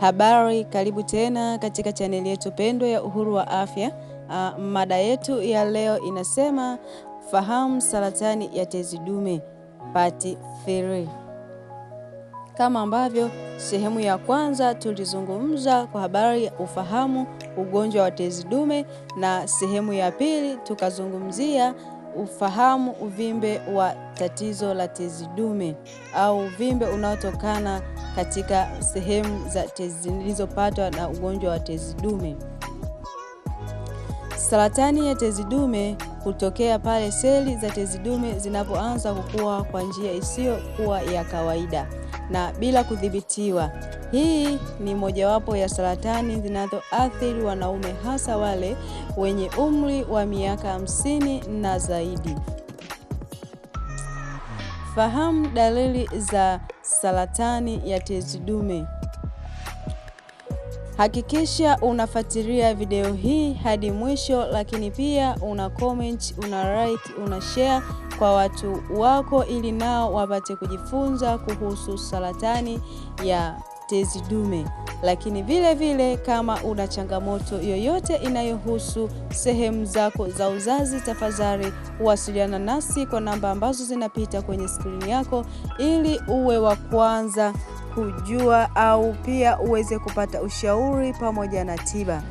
Habari, karibu tena katika chaneli yetu pendwa ya Uhuru wa Afya. Uh, mada yetu ya leo inasema fahamu saratani ya tezi dume part 3. Kama ambavyo sehemu ya kwanza tulizungumza kwa habari ya ufahamu ugonjwa wa tezi dume, na sehemu ya pili tukazungumzia ufahamu uvimbe wa tatizo la tezi dume au uvimbe unaotokana katika sehemu za tezi zilizopatwa na ugonjwa wa tezi dume. Saratani ya tezi dume hutokea pale seli za tezi dume zinapoanza kukua kwa njia isiyokuwa ya kawaida na bila kudhibitiwa. Hii ni mojawapo ya saratani zinazoathiri wanaume hasa wale wenye umri wa miaka hamsini na zaidi. Fahamu dalili za saratani ya tezi dume. Hakikisha unafuatilia video hii hadi mwisho, lakini pia una comment, una like, una share kwa watu wako ili nao wapate kujifunza kuhusu saratani ya tezi dume. Lakini vile vile kama una changamoto yoyote inayohusu sehemu zako za uzazi, tafadhali huwasiliana nasi kwa namba ambazo zinapita kwenye skrini yako ili uwe wa kwanza kujua au pia uweze kupata ushauri pamoja na tiba.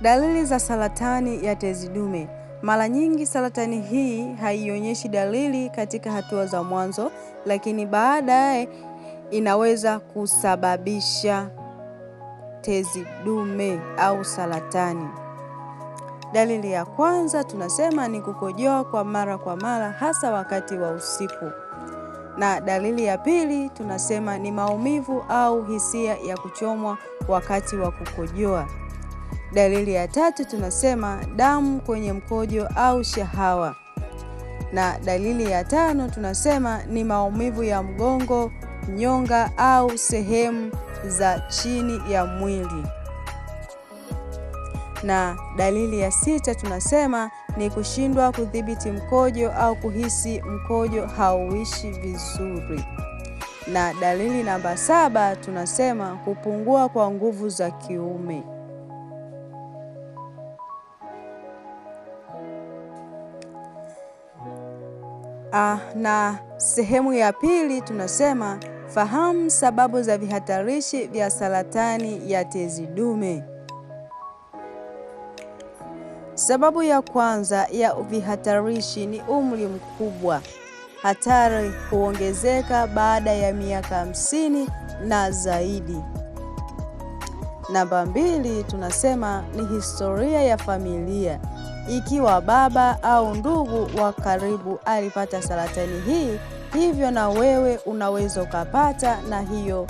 Dalili za saratani ya tezi dume. Mara nyingi saratani hii haionyeshi dalili katika hatua za mwanzo, lakini baadaye inaweza kusababisha tezi dume au saratani. Dalili ya kwanza tunasema ni kukojoa kwa mara kwa mara hasa wakati wa usiku. Na dalili ya pili tunasema ni maumivu au hisia ya kuchomwa wakati wa kukojoa. Dalili ya tatu tunasema damu kwenye mkojo au shahawa. Na dalili ya tano tunasema ni maumivu ya mgongo nyonga au sehemu za chini ya mwili. Na dalili ya sita tunasema ni kushindwa kudhibiti mkojo au kuhisi mkojo hauishi vizuri. Na dalili namba saba tunasema kupungua kwa nguvu za kiume. Uh, na sehemu ya pili tunasema fahamu sababu za vihatarishi vya saratani ya tezi dume. Sababu ya kwanza ya vihatarishi ni umri mkubwa. Hatari huongezeka baada ya miaka hamsini na zaidi. Namba mbili tunasema ni historia ya familia ikiwa baba au ndugu wa karibu alipata saratani hii, hivyo na wewe unaweza ukapata na hiyo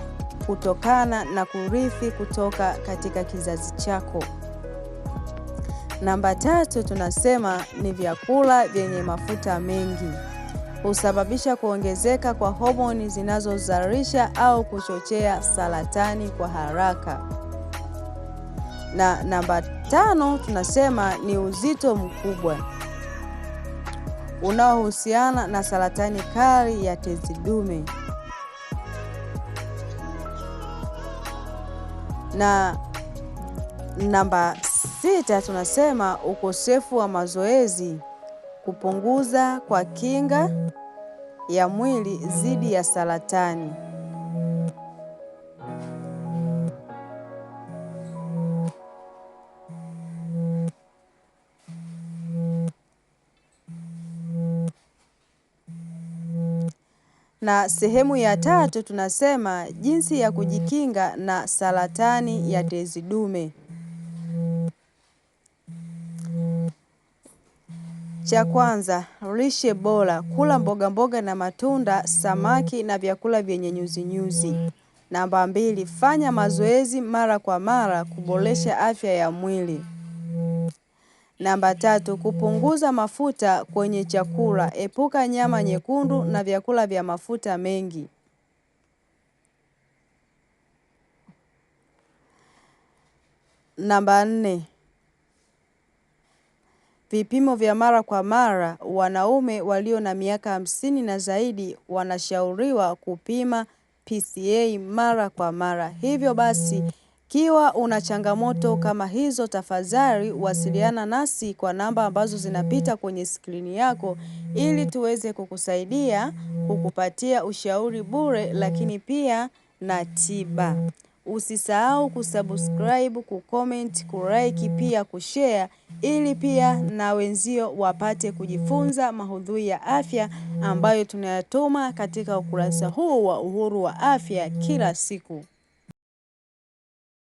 kutokana na kurithi kutoka katika kizazi chako. Namba tatu, tunasema ni vyakula vyenye mafuta mengi husababisha kuongezeka kwa homoni zinazozalisha au kuchochea saratani kwa haraka na namba tano tunasema ni uzito mkubwa unaohusiana na saratani kali ya tezi dume na namba sita tunasema ukosefu wa mazoezi kupunguza kwa kinga ya mwili dhidi ya saratani. Na sehemu ya tatu tunasema jinsi ya kujikinga na saratani ya tezi dume. Cha kwanza, lishe bora: kula mboga mboga na matunda, samaki na vyakula vyenye nyuzinyuzi. Namba mbili, fanya mazoezi mara kwa mara kuboresha afya ya mwili. Namba tatu, kupunguza mafuta kwenye chakula. Epuka nyama nyekundu na vyakula vya mafuta mengi. Namba nne, vipimo vya mara kwa mara. Wanaume walio na miaka hamsini na zaidi wanashauriwa kupima PCA mara kwa mara. Hivyo basi ikiwa una changamoto kama hizo, tafadhali wasiliana nasi kwa namba ambazo zinapita kwenye skrini yako ili tuweze kukusaidia kukupatia ushauri bure, lakini pia na tiba. Usisahau kusubscribe, kucomment, kulike pia kushare ili pia na wenzio wapate kujifunza mahudhui ya afya ambayo tunayatuma katika ukurasa huu wa Uhuru wa Afya kila siku.